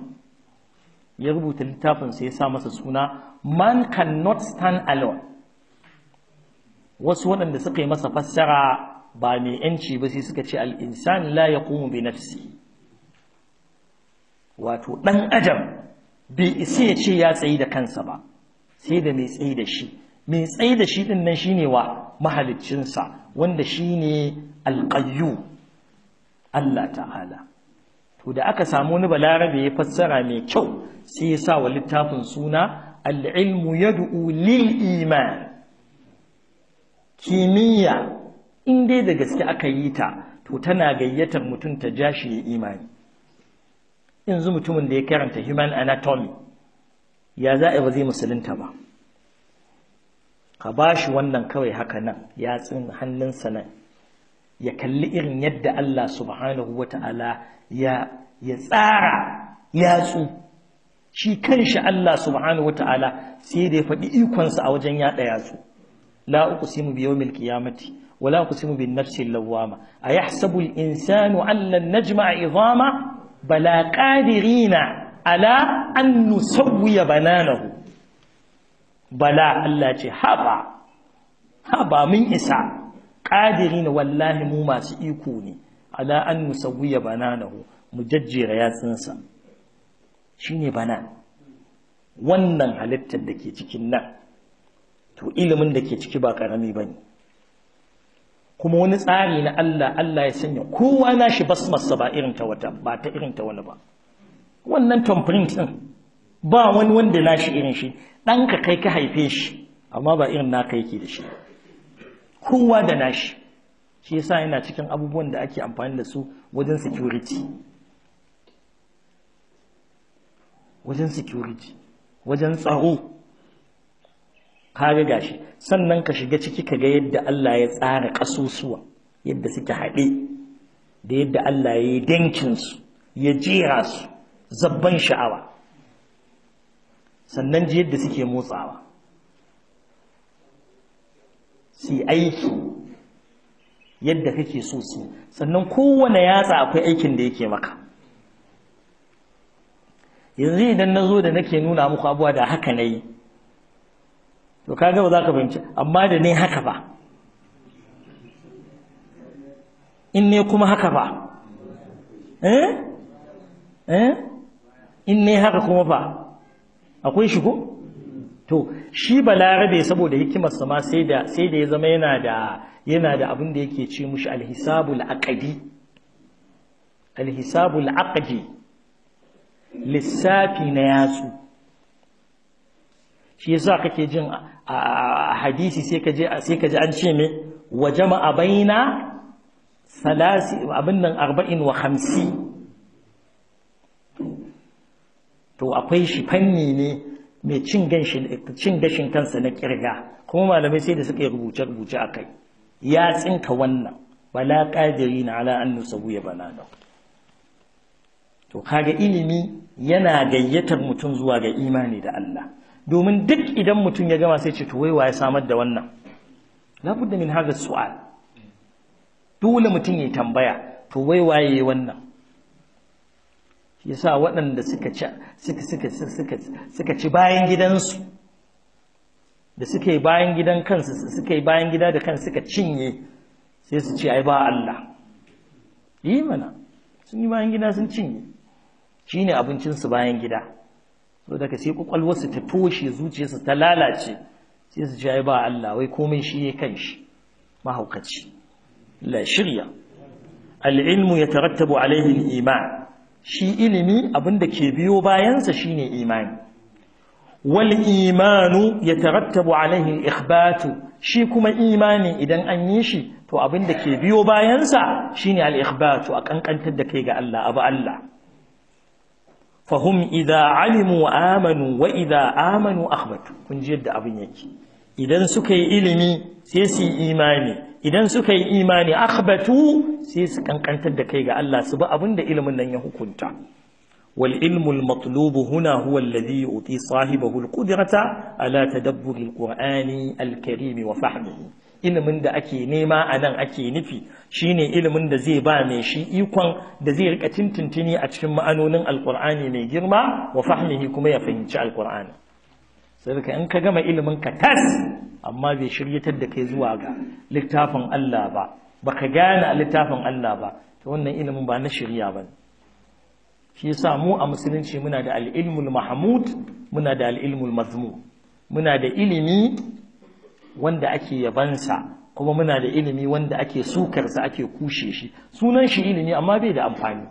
ya rubuta littafin sai ya sa masa suna man cannot stand alone wasu waɗanda suka yi masa fassara ba mai yanci ba sai suka ce al'insan la ya kuma bi nafsi wato ɗan ajam bai isa ya ce ya tsayi da kansa ba sai da mai tsayi da shi mai tsayi da shi ɗin nan shine wa mahaliccinsa wanda shine alƙayyu Allah ta'ala to da aka samu wani balarabe ya fassara mai kyau sai ya sa wa littafin suna al'ilmu ya lil iman kimiyya in dai da gaske aka yi ta to tana gayyatar mutum ta ja shi ya imani inzu mutumin da ya karanta human anatomy ya za a ba zai musulunta ba ka ba shi wannan kawai haka nan ya yatsun hannunsa nan ya kalli irin yadda Allah subhanahu wa ta'ala ya tsara yatsu shi kanshi Allah subhanahu wa ta'ala sai da ya faɗi ikonsa a wajen yaɗa yatsu la uqsimu bi yawmil qiyamati wa la uqsimu bin nafsi lawwama ayahsabu al insanu Allah najma' najma'a idhama bala ƙadirina ala an nusawwiya bananahu bala Allah ce haba haba mun isa ƙadiri na wallahi mu masu iko ne ala an na bananahu mu jajjera yatsinsa ne bana wannan halittar da ke cikin nan to ilimin da ke ciki ba ƙarami ba ne. kuma wani tsari na Allah Allah ya sanya kowa nashi basmarsa ba irin ta wata ba ta irin ta wani ba wannan thumbprint din ba wani wanda nashi irin shi ɗanka kai ka haife shi amma ba irin na kai ke da shi ba kowa da nashi shi yasa yana cikin abubuwan da ake amfani da su wajen security wajen security wajen tsaro kaga gashi sannan ka shiga ciki ka ga yadda Allah ya tsara kasusuwa yadda suke haɗe da yadda Allah ya yi su ya jera su zabban sha'awa sannan ji yadda suke motsawa su aiki yadda kake so su sannan kowane yatsa akwai aikin da yake maka yanzu idan na zo da nake nuna muku abuwa da haka na yi to kaga ba za ka fahimci amma da ne haka ba in ne kuma haka ba eh eh in ne haka kuma fa akwai shigo to shi balarabe saboda hikimarsa ma sai da sai da ya zama yana da yana da abin da yake ce mushi alhisabul aqdi alhisabul aqdi lissafi na yatsu shi yasa kake jin a hadisi sai kaje sai kaje an ce me wa jama'a baina salasi abin nan 40 wa 50 to akwai shi fanni ne mai cin gashin kansa na kirga kuma malamai sai da suka yi rubuce-rubuce a kai ya tsinka wannan wala ƙadiri na ala an nusabu ya bana da to kaga ilimi yana gayyatar mutum zuwa ga imani da Allah domin duk idan mutum ya gama sai ce to waiwa ya samar da wannan budda min haga su'al dole mutum ya tambaya to waiwa waye wannan yasa waɗanda suka ci suka suka suka suka ci bayan gidansu da suka yi bayan gidan kansu suka yi bayan gida da kansu suka cinye sai su ce ai ba Allah yi mana sun yi bayan gida sun cinye shine abincinsu bayan gida so daga sai su ta toshe zuciyarsu ta lalace sai su ce ai ba Allah wai komai shi ya kanshi mahaukaci la shirya al-ilmu yatarattabu alaihi al-iman shi ilimi abin da ke biyo bayansa shine imani wal imanu ya alaihi al-ikhbatu shi kuma imani idan an yi shi to abin da ke biyo bayansa shine al-ikhbatu a ƙanƙantar da kai ga Allah abu Allah fahum idza alimu amanu wa idza amanu akhbatu kun ji yadda abin yake idan suka yi ilimi sai su yi imani idan suka yi imani akhbatu sai su kankantar da kai ga Allah su bi abinda ilimin nan ya hukunta wal ilmu al matlubu huna huwa alladhi yuti sahibahu al qudrata ala tadabbur al qur'ani al karim wa fahmihi ilimin da ake nema a nan ake nufi shine ilimin da zai ba mai shi ikon da zai rika tintintini a cikin ma'anonin alqur'ani mai girma wa fahmihi kuma ya fahimci alqur'ani sai in ka gama ilimin ka tas amma bai shiryatar da kai zuwa ga littafin Allah ba baka gane littafin Allah ba to wannan ilimin ba na shirya ba shi yasa mu a musulunci muna da al-ilmul mahmud muna da al-ilmul mazmum muna da ilimi wanda ake yabansa kuma muna da ilimi wanda ake sukarsa ake kushe shi sunan shi ilimi amma bai da amfani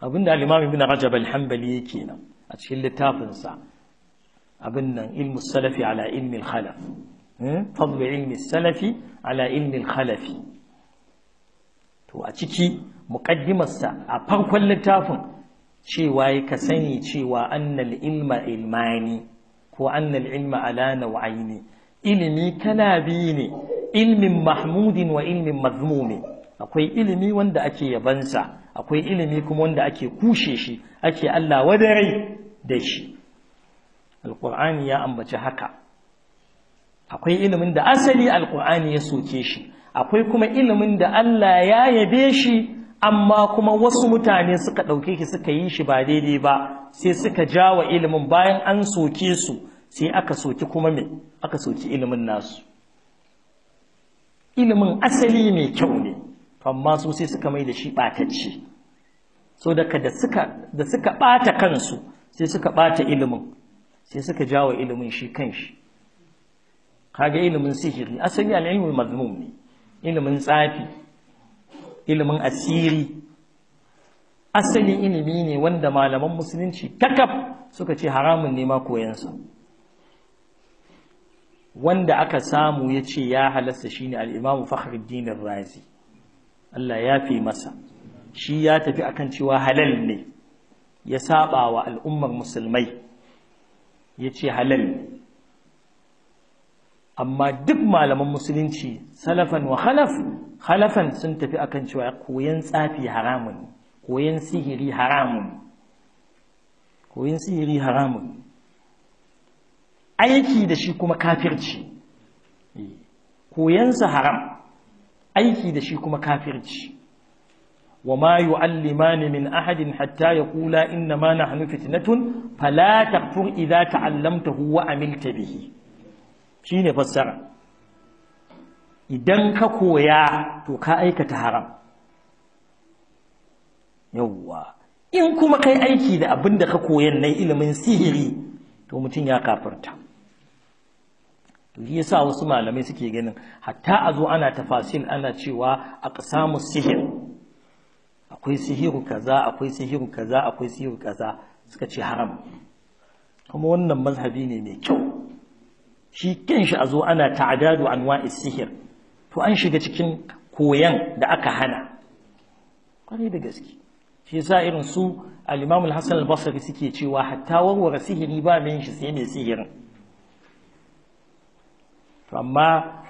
abinda al-imam ibn rajab al-hanbali yake nan a cikin littafinsa abin nan ilmi salafi ala ilmi khalaf hmm? fadlu ilmi salafi ala ilmi khalafi to a ciki muqaddimarsa a farkon littafin cewa ka sani cewa annal ilma ilmani ko annal ilma ala nau'aini ilimi kala biyu ne ilmin mahmudin wa ilmin mazmumi akwai ilimi wanda ake yabansa akwai ilimi kuma wanda ake kushe shi ake Allah wadarai da shi Al-Qur'ani ya ambaci haka akwai ilimin da asali Al-Qur'ani ya soke shi akwai kuma ilimin da Allah ya yabe shi amma kuma wasu mutane suka ɗauke shi suka yi shi ba daidai ba sai suka ja wa ilimin bayan an soke su sai aka soki kuma me aka soki ilimin nasu ilimin asali mai kyau ne amma su sai suka mai da shi ɓatacce so daga da suka ɓata kansu sai suka ɓata ilimin sai suka jawo ilimin shi kanshi kaga ilimin sihiri asali al-ilmu mazmum ne ilimin tsafi ilimin asiri asalin ilimi ne wanda malaman musulunci takaf suka ce haramun ne ma koyansa wanda aka samu ya ce ya halasta shine al-imamu fakhruddin razi Allah ya fi masa shi ya tafi akan cewa halal ne ya saba wa al'ummar musulmai ya ce halal amma duk malaman musulunci salafan wa khalaf khalafan sun tafi akan cewa koyan tsafi haramun koyan sihiri haramun koyan sihiri haramun aiki da shi kuma kafirci eh, koyansa haram aiki da shi kuma kafirci وما يعلمان من أحد حتى يقولا إنما نحن فتنة فلا تغفر إذا تعلمته وعملت به شين فسر إذن كويا تكايك تهرم يوا إن كما كي أيكي ذا أبند كويا نيل من سهري تومتين يا كافرتا shi yasa wasu malamai suke ganin hatta a zo ana tafasil ana cewa aqsamus sihir akwai sihiru kaza akwai sihiru kaza akwai sihiru kaza suka ce haram kuma wannan mazhabi ne mai kyau shi kanshi a zo ana ta'adadu anwa'is sihir to an shiga cikin koyan da aka hana kwarai da gaske shi yasa irin su al-Imam al-Hasan al-Basri suke cewa hatta warware sihiri ba mai shi sai mai sihirin to amma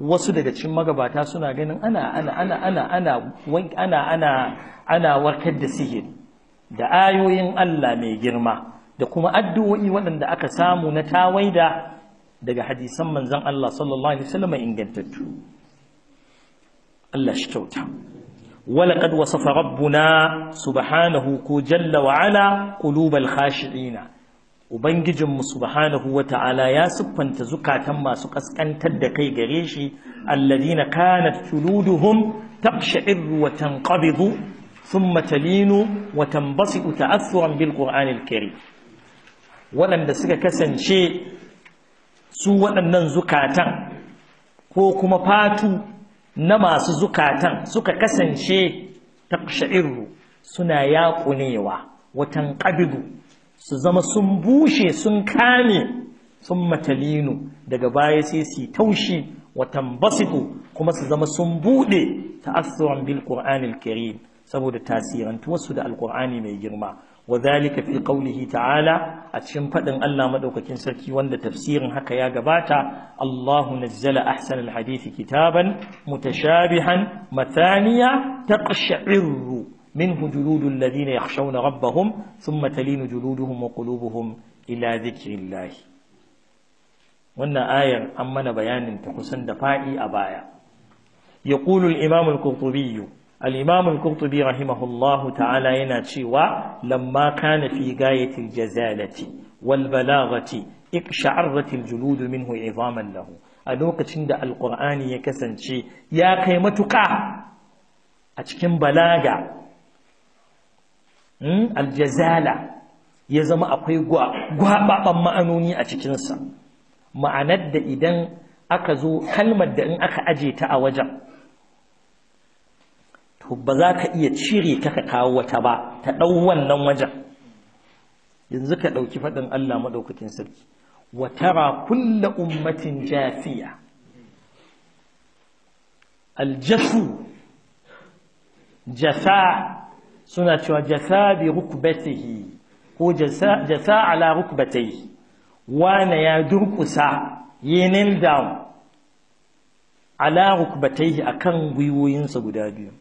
wasu daga cikin magabata suna ganin ana ana ana ana ana ana ana ana warkar da sihir da ayoyin Allah mai girma da kuma addu'o'i waɗanda aka samu na tawaida daga hadisan manzon Allah sallallahu alaihi wasallam ingantattu Allah shi kyauta ولقد وصف ربنا سبحانه كجل وعلا قلوب الخاشعين ubangijinmu subhanahu wa ta'ala ya siffanta zukatan masu kaskantar da kai gare shi na kanat juluduhum taqsha'iru watan tanqabidu sun matalinu wa tanbasitu ta'assuran bil qur'anil karim waɗanda suka kasance su waɗannan zukatan ko kuma fatu na masu zukatan suka kasance taqsha'iru suna yaƙunewa watan ƙabizu su zama sun bushe sun kame sun matalino daga baya sai su taushi wa tambasitu kuma su zama sun bude ta'assuran bil qur'anil karim saboda tasirantu wasu da alkur'ani mai girma wa dhalika fi qawlihi ta'ala a cikin fadin Allah madaukakin sarki wanda tafsirin haka ya gabata Allahu nazzala ahsanal hadisi kitaban mutashabihan mathaniya taqsha'irru منه جلود الذين يخشون ربهم ثم تلين جلودهم وقلوبهم إلى ذكر الله wannan ayar an mana bayanin ta kusan da faɗi a baya ya kulu al’imam al-kurtubi yiwu al’imam al-kurtubi rahimahullahu ta’ala yana cewa lamma kana fi gayetil jazalati wal balagati ik sha’arratil juludu minhu izaman lahu a lokacin da al-qur'ani ya kasance ya kai matuƙa a cikin balaga aljazala ya zama akwai gwababan ma'anoni a cikinsa ma'anar da idan aka zo kalmar da in aka aje ta a wajen to ba za ka iya cire ta ka kawo wata ba ta ɗau wannan wajen yanzu ka ɗauki faɗin Allah maɗaukakin sarki wa tara kulla ummatin jafiya aljafu jafa suna cewa jasa bi rukbatihi ko jasa ala rukbatihi wane ya durkusa yenin down ala a akan gwiwoyinsa guda biyu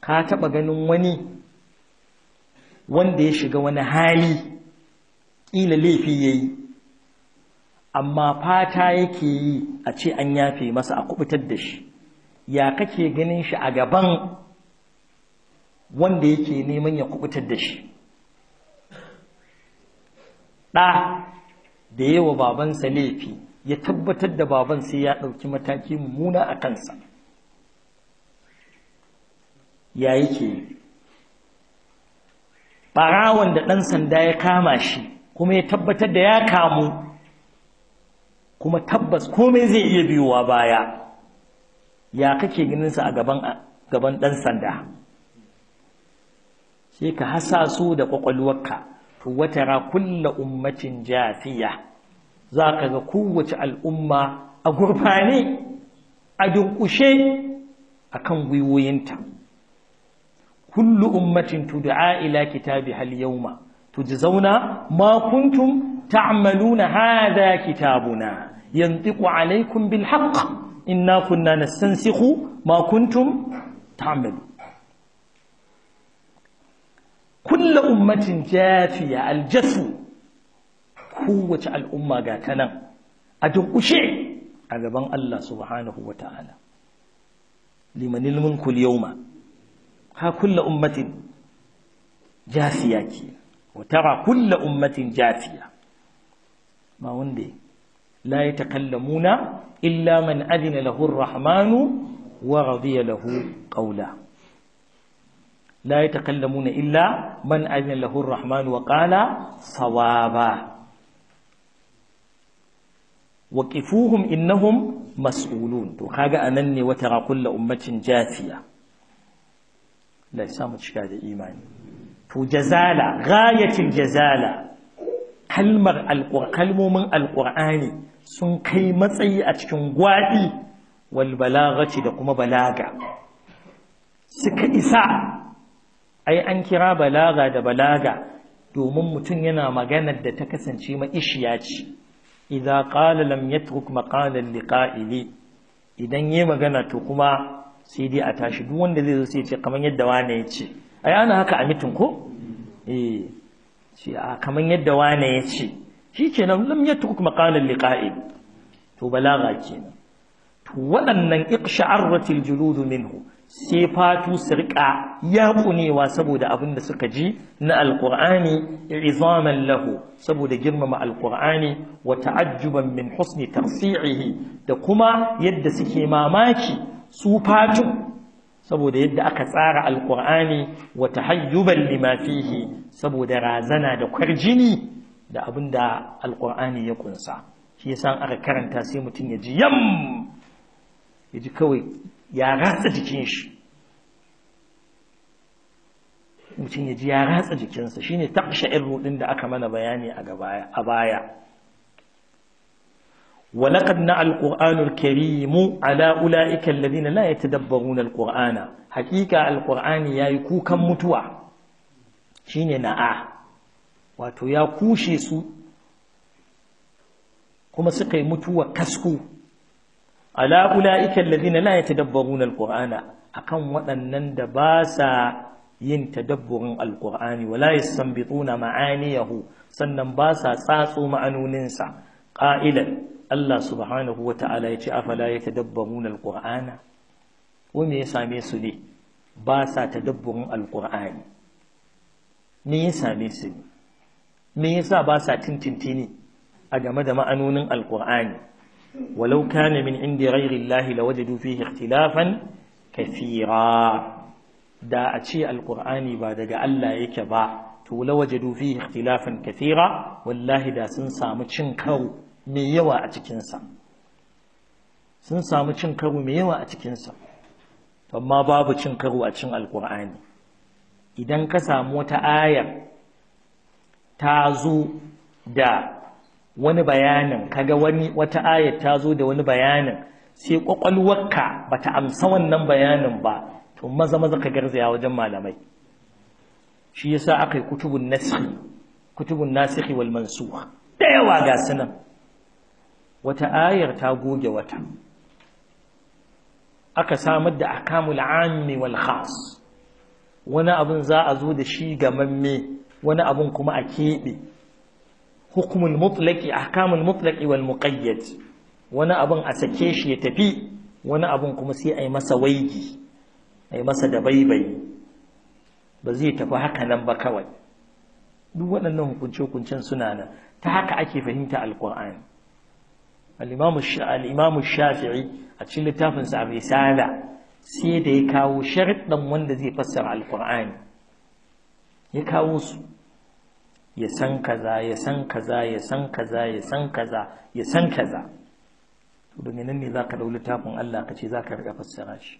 ka taba ganin wani wanda ya shiga wani hali ƙila laifi ya yi, amma fata yake yi a ce an yafe masa a kubutar da shi ya kake ganin shi a gaban wanda yake neman ya kubutar da shi ɗa da yawa babansa laifi ya tabbatar da baban sai ya ɗauki mataki mummuna a kansa ya yake ɓarawon da ɗan sanda ya kama shi kuma ya tabbatar da ya kamu kuma tabbas komai zai iya biyowa baya ya kake ganinsa a gaban ɗan sanda سيكا حسا سودة قلوكا وترى كل أمة جافية ذاك قوة الأمة أقرباني أدوكشي أكم ويوينتا كل أمة تدعى إلى كتابها اليوم تجزون ما كنتم تعملون هذا كتابنا ينطق عليكم بالحق إنا كنا نستنسخ ما كنتم تعملون كل أمة جافية الجسو قوة الأمة جاتنا أدق شيء أجبان الله سبحانه وتعالى لمن المنك اليوم ها كل أمة جافية وترى كل أمة جافية ما وندي لا يتكلمون إلا من أذن له الرحمن ورضي له قوله la yatakallamuna illa man azina lahu ar-rahman wa qala sawaba waqifuhum innahum mas'ulun to kaga anan ne wata rakulla ummatin jafiya la samu cika da imani to jazala ghayatul jazala kalmar kalmomin Alƙur'ani sun kai matsayi a cikin gwadi wal balagati da kuma balaga suka isa ai an kira balaga da balaga domin mutum yana maganar da ta kasance ma'ishiya ce idan qala lam yatruk maqalan liqa'ili idan yayi magana to kuma sai dai a tashi duk wanda zai zo sai ce kamar yadda wane ya ce ai ana haka a mitin ko eh shi a kamar yadda wane ya ce shikenan lam yatruk maqalan liqa'il to balaga kenan to waɗannan iqsha'aratil juludu minhu sai fatu su riƙa kunewa saboda abin da suka ji na alƙur'ani izaman lahu saboda girmama alƙur'ani wa ta'ajjuban min husni tafsi'ihi da kuma yadda suke mamaki su fatu saboda yadda aka tsara alƙur'ani wa tahayyuban lima fihi saboda razana da kwarjini da abin da alƙur'ani ya kunsa shi yasa aka karanta sai mutum ya ji yam ya ji kawai ya ratsa jikin mutum ya ji ya ratsa jikinsa shi ne taɓashin rudin da aka mana bayani a baya walakad na alƙur'anul karimu ala ula'ikan ladina la ya ta dabbarun alƙur'ana haƙiƙa alƙur'ani ya yi kukan mutuwa shi ne na'a wato ya kushe su kuma suka yi mutuwa kasku ala ulaika alladhina la yatadabbaruna alqur'ana akan waɗannan da ba sa yin tadabburin alqur'ani wala yastanbituna ma'aniyahu sannan ba sa tsatso ma'anoninsa qa'ilan Allah subhanahu wata'ala ya ce afala yatadabbaruna alqur'ana ko me ya same su ne ba sa tadabburin alqur'ani me ya same su ne me yasa ba sa tintintini a game da ma'anonin alqur'ani ولو min من عند غير الله لوجدوا فيه اختلافا كثيرا da a ce alkur'ani ba daga Allah yake ba to lawaje fihi ikhtilafan kathira wallahi da sun samu cin karu mai yawa a cikinsa. sun samu cin karo mai yawa a cikin amma babu cin karu a cikin alkur'ani idan ka samu wata ayar ta zo da wani bayanin kaga wani wata ayat ta zo da wani bayanin sai kwakwalwarka bata amsa wannan bayanin ba to maza maza ka garzaya wajen malamai shi yasa aka yi kutubun nasihi kutubun nasihi wal mansukh da yawa ga sunan wata ayar ta goge wata aka samar da akamul ammi wal khas wani abun za a zo da shi ga mamme wani abun kuma a keɓe hukumul mutlaki ahkamul mutlaqi wal muqayyad wani abun a sake shi ya tafi wani abun kuma sai a ai masa waigi ai masa dabaibai ba zai tafi haka nan ba kawai duk waɗannan hukunce-hukuncen suna nan ta haka ake fahimta alƙur'ani al-imamu shafi'i a cikin littafinsa a risala sai da ya kawo sharɗin wanda zai fassara alƙur'ani ya kawo su ya san kaza ya san kaza ya san kaza ya san kaza ya san kaza to domin nan ne za ka ɗau littafin Allah ka ce za ka riƙa fassara shi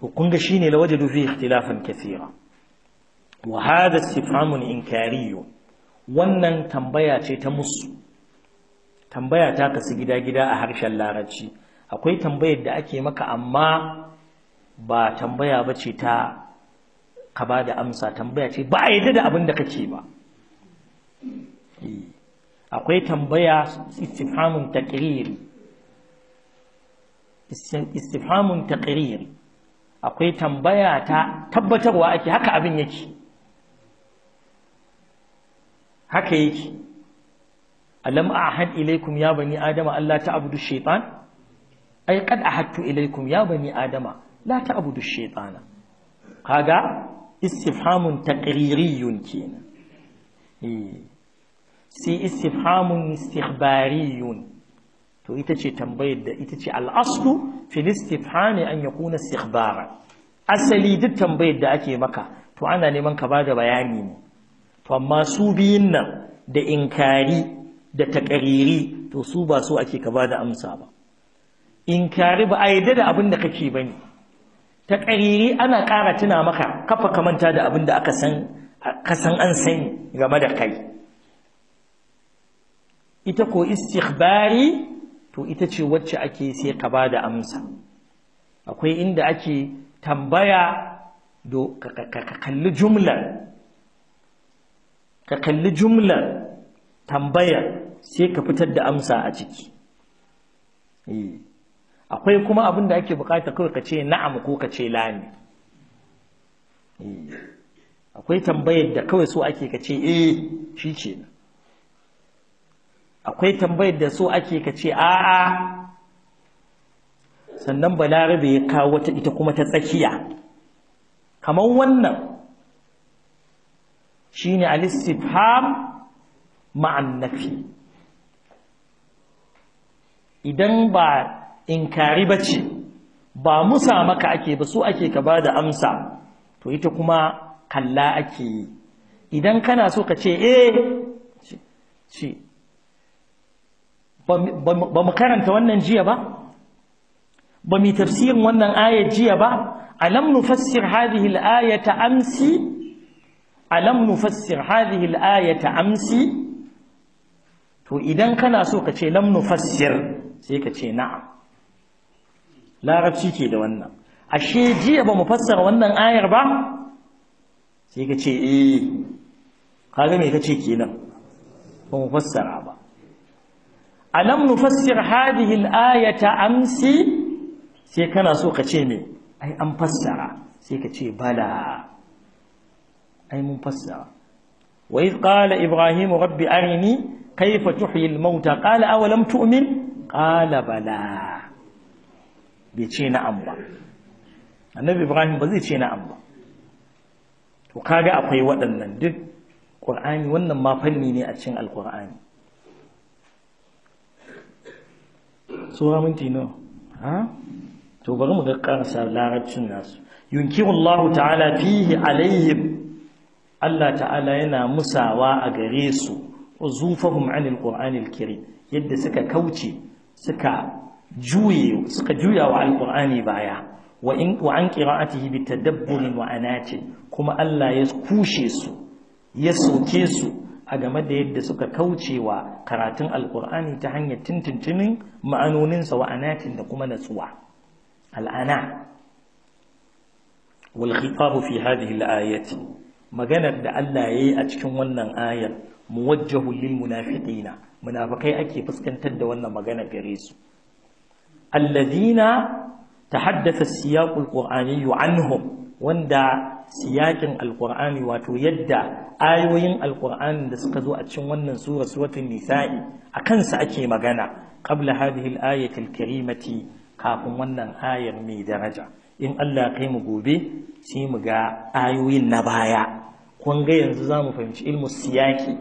to kun ga shine la wajadu fi ikhtilafan kathira wa hada istifhamun inkari wannan tambaya ce ta musu tambaya ta kasu gida-gida a harshen larabci akwai tambayar da ake maka amma ba tambaya ba ce ta ka ba da amsa tambaya ce ba a yi da abin da kake ba akwai tambaya istifhamun taqriri istifhamun taqriri akwai tambaya ta tabbatarwa ake haka abin yake haka yake alam ahad ilaikum ya bani adama Allah ta'budu shaytan ai qad ahadtu ilaikum ya bani adama la ta'budu shaytana kaga istifhamun taqririyun kenan eh, sai istifhamun istikhbariyun to ita ce tambayar da ita an ya kuna istifhami asali duk tambayar da ake maka to ana neman ka bada bayani ne to amma su biyun nan da inkari da takariri to su ba so ake ka da amsa ba inkari ba a yadda da abin da kake bane ta ƙariri ana ƙara tuna maka kafa ka manta da abin da aka san kasan san an sani game da kai ita ko istighbari to ita ce wacce ake sai ka ba da amsa akwai inda ake tambaya ka kalli jumlar ka kalli jumlar tambayar sai ka fitar da amsa a ciki eh. akwai kuma abin da ake bukata kawai ka ce na'am ko ka ce la akwai tambayar da kawai so ake ka ce eh shi ce akwai tambayar da so ake ka ce a'a sannan balarabe ya kawo wata ita kuma ta tsakiya kamar wannan shi ne istifham ma'annafi idan ba inkari bace ba musa maka ake ba su ake ka ba da amsa to ita kuma kalla ake yi idan kana so ka ce eh ce ba mu karanta wannan jiya ba ba mu tafsirin wannan ayar jiya ba alam nufassir hadhihi al-ayata amsi alam nufassir hadhihi al-ayata amsi to idan kana so ka ce lam nufassir sai ka ce na'am larabci ke da wannan ashe jiya ba mu fassara wannan ayar ba sai ka ce eh kaga me kace kenan ba mu fassara ba alam nufassir hadhihi al-ayata amsi sai kana so ka ce me ai an fassara sai ka ce bala ai mun fassara wa idh qala ibrahim rabbi arini kayfa tuhyi al-mauta qala awalam tu'min qala bala bai ce na'am ba annabi ibrahim ba zai ce na'am ba to kaga akwai waɗannan duk ƙwar'ani wannan ma fanni ne a cikin alqur'ani sura minti no ha to bari mu ga karasa larabcin nasu yunkiru Allah ta'ala fihi alayhim Allah ta'ala yana musawa a gare su zufahum anil qur'anil kiri yadda suka kauce suka juye suka juya wa alƙur'ani baya wa in wa an qira'atihi bi tadabburin wa anati kuma Allah ya kushe su ya soke su a game da yadda suka kauce wa karatun alƙur'ani ta hanyar tintintinin ma'anoninsa wa anatin da kuma natsuwa al'ana wal khitabu fi hadhihi al-ayati maganar da Allah yayi a cikin wannan ayar muwajjahu lil munafiqina munafikai ake fuskantar da wannan magana gare su ta haddasa siyaƙul qur'ani anhum wanda siyaƙin alƙur'ani wato yadda ayoyin alƙur'ani da suka zo a cikin wannan sura nisa'i a kansa ake magana qabla hadhihi al-ayati al-karimati kafin wannan ayar mai daraja in Allah kai mu gobe sai mu ga ayoyin na baya kun ga yanzu za mu fahimci ilmu siyaki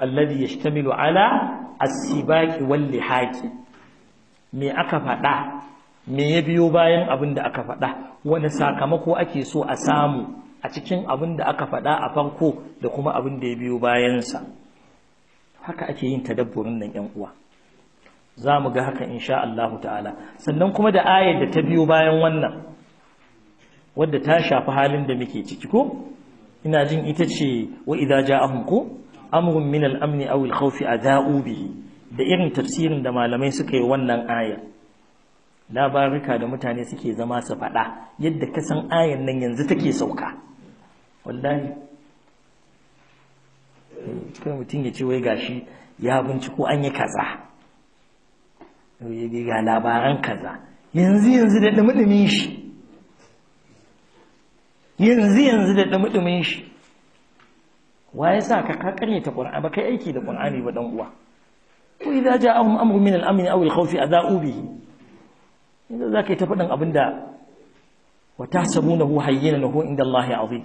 alladhi yashtamilu ala as-sibaqi wal lihaqi me aka faɗa me ya biyo bayan abin da aka faɗa wani sakamako ake so a samu a cikin abin da aka faɗa a farko da kuma abin da ya biyo bayansa haka ake yin ta tadabburin nan yan uwa za mu ga haka insha Allah ta'ala sannan kuma da ayar da ta biyo bayan wannan wadda ta shafi halin da muke ciki ko ina jin ita ce wa idza ja'ahum ku amrun min al-amn aw al khawfi adha'u bihi da irin tafsirin da malamai suka yi wannan aya labarika da mutane suke zama su faɗa yadda ka san ayan nan yanzu take sauka wallahi kai mutum ya ce wai gashi ya binciko an yi kaza ga labaran kaza yanzu yanzu da dumi shi yanzu yanzu da dumi shi wa ya sa ka ka karyata ƙur'ani ba kai aiki da ƙur'ani ba dan uwa وإذا جاءهم أمر من الأمن أو الخوف أذاؤوا به إذا ذاك يتفدن أبن دا وتحسبونه حينا وهو عند الله aure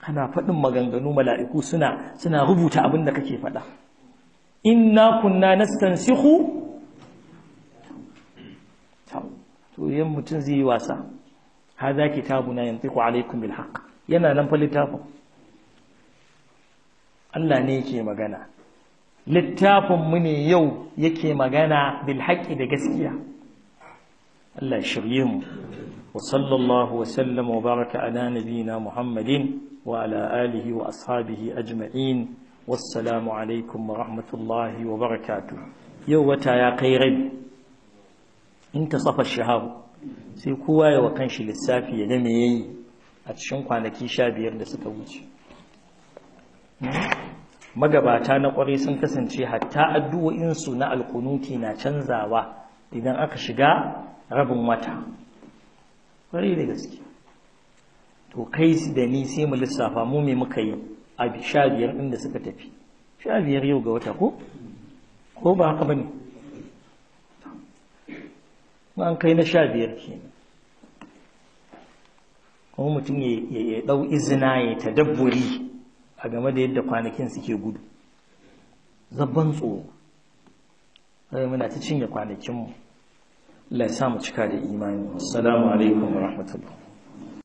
kana faɗin maganganu mala'iku suna suna rubuta abin da kake faɗa inna kunna nastansikhu to yan mutum zai yi wasa hadha kitabuna yantiqu alaikum bil haqq yana nan fa littafin Allah ne yake magana littafinmu ne yau yake magana bil haƙƙi da gaskiya Allah shirye mu wa sallallahu wa sallama wa baraka ala nabina Muhammadin wa ala alihi wa ashabihi ajma'in wassalamu alaikum wa rahmatullahi wa barakatu. yau wata ya kai rabi in ta safa shahar, sai kowa ya wa kanshi lissafi ya dame yayi a cikin kwanaki sha biyar da suka wuce hmm? magabata na kwarai sun kasance hatta addu'o'insu na alkunuti na canzawa idan aka shiga rabin wata ƙwarai da gaske to kai da ni sai mu lissafa mu me muka yi a sha biyar inda suka tafi sha yau ga wata ko ko ba haka bane an kai na sha biyar kenan kuma mutum ya ɗau izina ya tadabburi a game da yadda kwanakin suke gudu zabban tsoro sai muna ta cinye kwanakinmu Allah ya sa mu cika da imani assalamu alaikum wa rahmatullahi